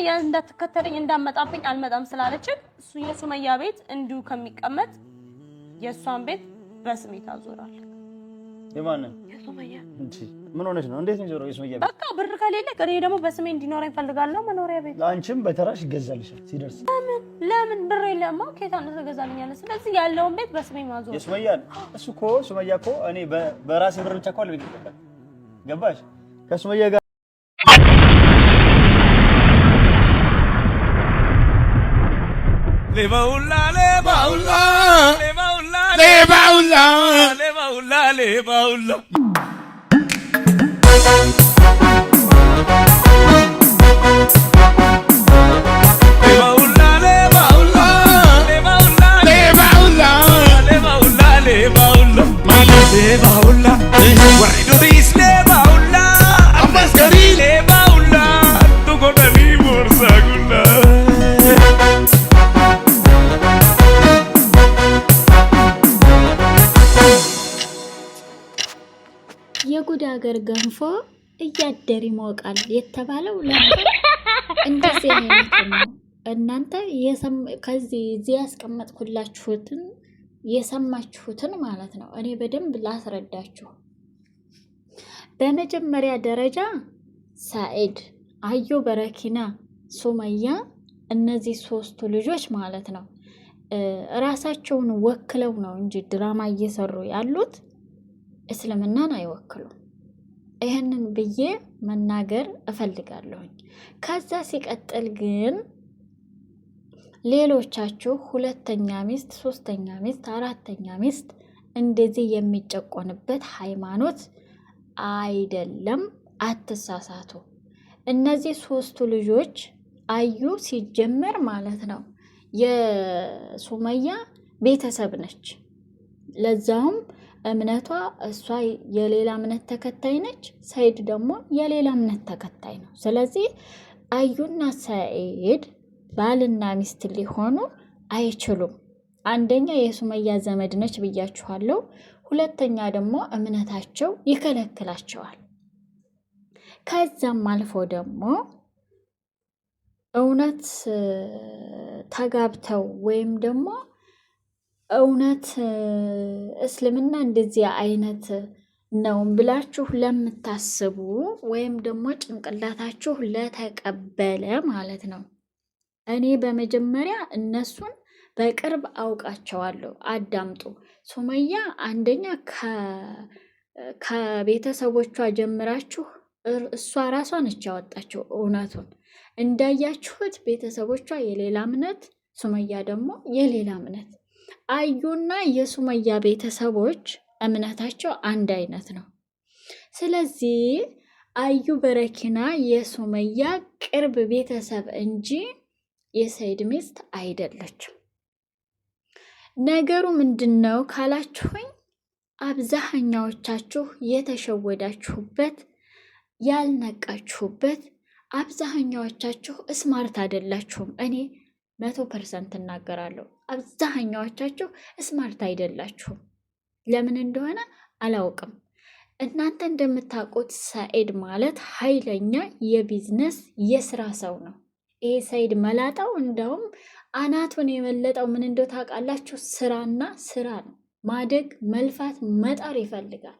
ሱመያ እንዳትከተለኝ እንዳመጣብኝ አልመጣም ስላለችን እሱ የሱመያ ቤት እንዲሁ ከሚቀመጥ የእሷን ቤት በስሜት አዞራል። የማንን የሱመያ እንጂ ምን ሆነሽ ነው? እንዴት ነው የሱመያ ቤት? በቃ ብር ከሌለ እኔ ደግሞ በስሜ እንዲኖረኝ ፈልጋለሁ። መኖሪያ ቤት። ለአንቺም በተራሽ ይገዛልሻል ሲደርስ። ለምን ለምን ብር የለማ ከየት አንተ ትገዛልኛለህ? ስለዚህ ያለውን ቤት በስሜ ማዞር የሱመያ እሱ እኮ ሱመያ እኮ እኔ በራሴ ብር ብቻ እኮ አልቤት ገባሽ ከሱመያ ጋር బావుల్లా የጉድ ሀገር ገንፎ እያደር ይሞቃል የተባለው ለምን እንደዚህ አይነት ነው። እናንተ ከዚህ እዚህ ያስቀመጥኩላችሁትን የሰማችሁትን ማለት ነው። እኔ በደንብ ላስረዳችሁ። በመጀመሪያ ደረጃ ሳኤድ አዮ፣ በረኪና፣ ሱመያ እነዚህ ሶስቱ ልጆች ማለት ነው ራሳቸውን ወክለው ነው እንጂ ድራማ እየሰሩ ያሉት እስልምናን አይወክሉም። ይህንን ብዬ መናገር እፈልጋለሁኝ። ከዛ ሲቀጥል ግን ሌሎቻችሁ ሁለተኛ ሚስት፣ ሶስተኛ ሚስት፣ አራተኛ ሚስት እንደዚህ የሚጨቆንበት ሃይማኖት አይደለም። አትሳሳቱ። እነዚህ ሶስቱ ልጆች አዩ ሲጀመር ማለት ነው የሱመያ ቤተሰብ ነች። ለዛውም እምነቷ እሷ የሌላ እምነት ተከታይ ነች፣ ሰይድ ደግሞ የሌላ እምነት ተከታይ ነው። ስለዚህ አዩና ሰይድ ባልና ሚስት ሊሆኑ አይችሉም። አንደኛ የሱመያ ዘመድ ነች ብያችኋለሁ። ሁለተኛ ደግሞ እምነታቸው ይከለክላቸዋል። ከዛም አልፎ ደግሞ እውነት ተጋብተው ወይም ደግሞ እውነት እስልምና እንደዚህ አይነት ነው ብላችሁ ለምታስቡ ወይም ደግሞ ጭንቅላታችሁ ለተቀበለ ማለት ነው። እኔ በመጀመሪያ እነሱን በቅርብ አውቃቸዋለሁ። አዳምጡ። ሱመያ አንደኛ ከቤተሰቦቿ ጀምራችሁ እሷ ራሷ ነች ያወጣቸው። እውነቱን እንዳያችሁት ቤተሰቦቿ የሌላ እምነት፣ ሱመያ ደግሞ የሌላ እምነት አዩና የሱመያ ቤተሰቦች እምነታቸው አንድ አይነት ነው። ስለዚህ አዩ በረኪና የሱመያ ቅርብ ቤተሰብ እንጂ የሰይድ ሚስት አይደለችም። ነገሩ ምንድን ነው ካላችሁኝ፣ አብዛኛዎቻችሁ የተሸወዳችሁበት ያልነቃችሁበት፣ አብዛኛዎቻችሁ ስማርት አይደላችሁም። እኔ መቶ ፐርሰንት እናገራለሁ። አብዛኛዎቻችሁ ስማርት አይደላችሁም። ለምን እንደሆነ አላውቅም። እናንተ እንደምታውቁት ሰኢድ ማለት ኃይለኛ የቢዝነስ የስራ ሰው ነው። ይሄ ሰኢድ መላጣው እንደውም አናቱን የመለጠው ምን እንደው ታውቃላችሁ? ስራና ስራ ነው። ማደግ መልፋት፣ መጣር ይፈልጋል።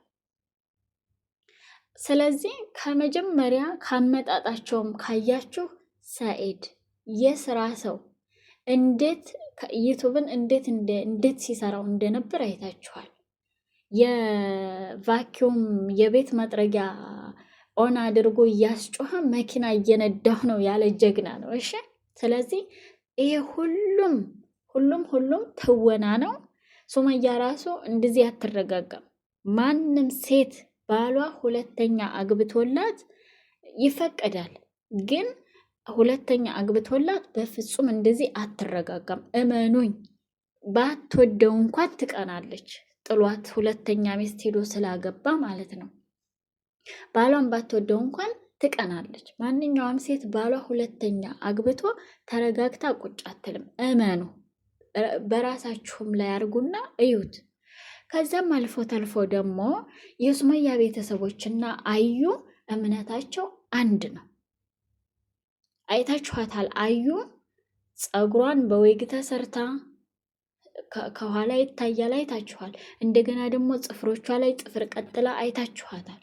ስለዚህ ከመጀመሪያ ካመጣጣቸውም ካያችሁ ሰኢድ የስራ ሰው እንዴት ዩቱብን እንዴት እንዴት ሲሰራው እንደነበር አይታችኋል። የቫኪዩም የቤት መጥረጊያ ኦን አድርጎ እያስጮኸ መኪና እየነዳሁ ነው ያለ ጀግና ነው። እሺ፣ ስለዚህ ይሄ ሁሉም ሁሉም ሁሉም ትወና ነው። ሱመያ ራሱ እንደዚህ አትረጋጋም። ማንም ሴት ባሏ ሁለተኛ አግብቶላት ይፈቀዳል ግን ሁለተኛ አግብቶላት በፍጹም እንደዚህ አትረጋጋም። እመኑኝ፣ ባትወደው እንኳን ትቀናለች። ጥሏት ሁለተኛ ሚስት ሄዶ ስላገባ ማለት ነው። ባሏን ባትወደው እንኳን ትቀናለች። ማንኛውም ሴት ባሏ ሁለተኛ አግብቶ ተረጋግታ ቁጭ አትልም። እመኑ። በራሳችሁም ላይ አድርጉና እዩት። ከዚያም አልፎ ተልፎ ደግሞ የሱመያ ቤተሰቦችና አዩ እምነታቸው አንድ ነው። አይታችኋታል። አዩ ፀጉሯን በወይግ ተሰርታ ከኋላ ይታያል፣ አይታችኋል። እንደገና ደግሞ ጥፍሮቿ ላይ ጥፍር ቀጥላ አይታችኋታል።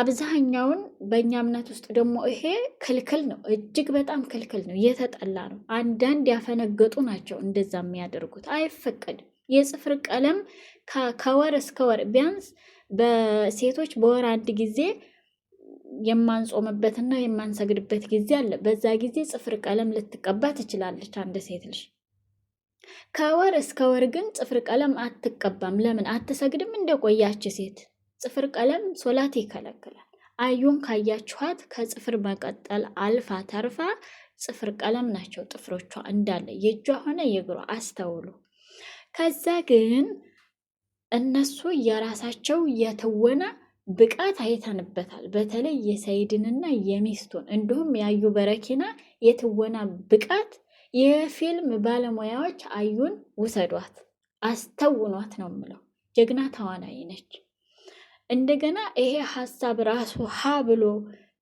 አብዛኛውን በእኛ እምነት ውስጥ ደግሞ ይሄ ክልክል ነው፣ እጅግ በጣም ክልክል ነው፣ የተጠላ ነው። አንዳንድ ያፈነገጡ ናቸው እንደዛ የሚያደርጉት አይፈቀድም። የጽፍር ቀለም ከወር እስከ ወር ቢያንስ በሴቶች በወር አንድ ጊዜ የማንጾምበትና የማንሰግድበት ጊዜ አለ። በዛ ጊዜ ጽፍር ቀለም ልትቀባ ትችላለች አንድ ሴት ልጅ። ከወር እስከ ወር ግን ጽፍር ቀለም አትቀባም። ለምን አትሰግድም? እንደቆያች ሴት ጽፍር ቀለም ሶላት ይከለክላል። አዩን ካያችኋት ከጽፍር መቀጠል አልፋ ተርፋ ጽፍር ቀለም ናቸው ጥፍሮቿ እንዳለ የእጇ ሆነ የእግሯ አስተውሉ። ከዛ ግን እነሱ የራሳቸው የትወና ብቃት አይተንበታል። በተለይ የሰይድንና የሚስቱን እንዲሁም የአዩ በረኪና የትወና ብቃት የፊልም ባለሙያዎች አዩን ውሰዷት፣ አስተውኗት ነው የምለው። ጀግና ተዋናይ ነች። እንደገና ይሄ ሀሳብ ራሱ ሀ ብሎ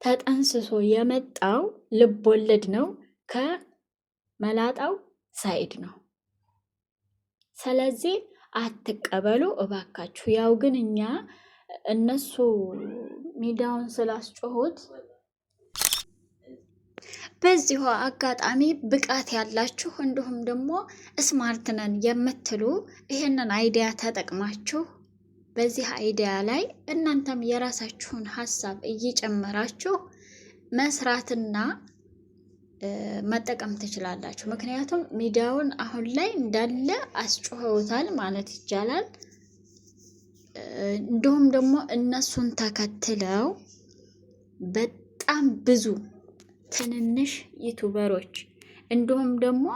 ተጠንስሶ የመጣው ልቦለድ ነው ከመላጣው ሳይድ ነው። ስለዚህ አትቀበሉ እባካችሁ። ያው ግን እኛ እነሱ ሚዲያውን ስላስጮሁት በዚሁ አጋጣሚ ብቃት ያላችሁ እንዲሁም ደግሞ ስማርት ነን የምትሉ ይህንን አይዲያ ተጠቅማችሁ በዚህ አይዲያ ላይ እናንተም የራሳችሁን ሀሳብ እየጨመራችሁ መስራትና መጠቀም ትችላላችሁ። ምክንያቱም ሚዲያውን አሁን ላይ እንዳለ አስጮኸውታል ማለት ይቻላል። እንዲሁም ደግሞ እነሱን ተከትለው በጣም ብዙ ትንንሽ ዩቱበሮች እንዲሁም ደግሞ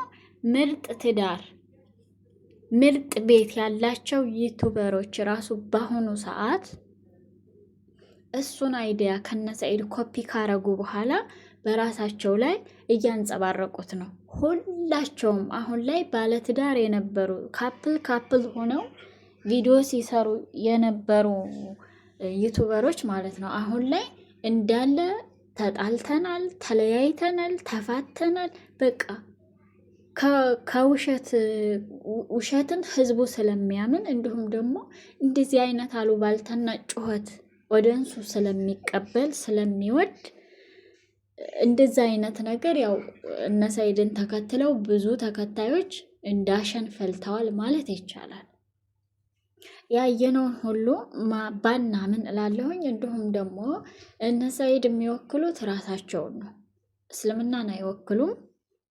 ምርጥ ትዳር ምርጥ ቤት ያላቸው ዩቱበሮች ራሱ በአሁኑ ሰዓት እሱን አይዲያ ከነሰኢድ ኮፒ ካረጉ በኋላ በራሳቸው ላይ እያንጸባረቁት ነው። ሁላቸውም አሁን ላይ ባለትዳር የነበሩ ካፕል ካፕል ሆነው ቪዲዮ ሲሰሩ የነበሩ ዩቱበሮች ማለት ነው። አሁን ላይ እንዳለ ተጣልተናል፣ ተለያይተናል፣ ተፋተናል በቃ ከውሸት ውሸትን ህዝቡ ስለሚያምን እንዲሁም ደግሞ እንደዚህ አይነት አሉባልታና ጩኸት ወደንሱ ስለሚቀበል ስለሚወድ እንደዚ አይነት ነገር ያው እነ ተከትለው ብዙ ተከታዮች እንዳሸን ፈልተዋል ማለት ይቻላል። ያየነውን ሁሉ ባናምን እላለሁኝ። እንዲሁም ደግሞ እነ ሰይድ የሚወክሉት ራሳቸውን ነው፣ እስልምናን አይወክሉም።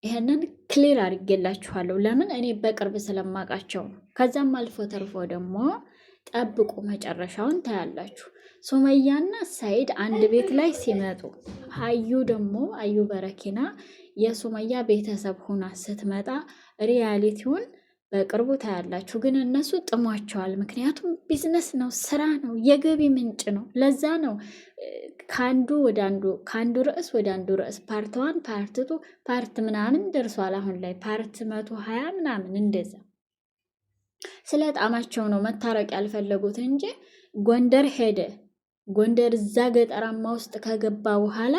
ይህንን ክሊር አድርጌላችኋለሁ። ለምን እኔ በቅርብ ስለማውቃቸው ነው። ከዛም አልፎ ተርፎ ደግሞ ጠብቁ፣ መጨረሻውን ታያላችሁ። ሱመያና ሰይድ አንድ ቤት ላይ ሲመጡ አዩ ደግሞ አዩ በረኪና የሱመያ ቤተሰብ ሁና ስትመጣ ሪያሊቲውን በቅርቡ ታያላችሁ። ግን እነሱ ጥሟቸዋል። ምክንያቱም ቢዝነስ ነው፣ ስራ ነው፣ የገቢ ምንጭ ነው። ለዛ ነው ከአንዱ ወደ አንዱ ከአንዱ ርዕስ ወደ አንዱ ርዕስ ፓርት ዋን ፓርት ቱ ፓርት ምናምን ደርሷል። አሁን ላይ ፓርት መቶ ሀያ ምናምን እንደዛ ስለ ጣማቸው ነው መታረቅ ያልፈለጉት እንጂ ጎንደር ሄደ ጎንደር እዛ ገጠራማ ውስጥ ከገባ በኋላ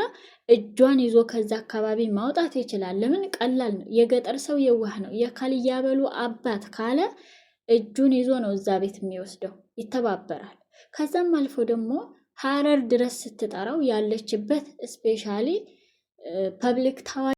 እጇን ይዞ ከዛ አካባቢ ማውጣት ይችላል። ለምን ቀላል ነው። የገጠር ሰው የዋህ ነው። የካልያበሉ አባት ካለ እጁን ይዞ ነው እዛ ቤት የሚወስደው፣ ይተባበራል። ከዛም አልፎ ደግሞ ሀረር ድረስ ስትጠራው ያለችበት ስፔሻሊ ፐብሊክ ታዋ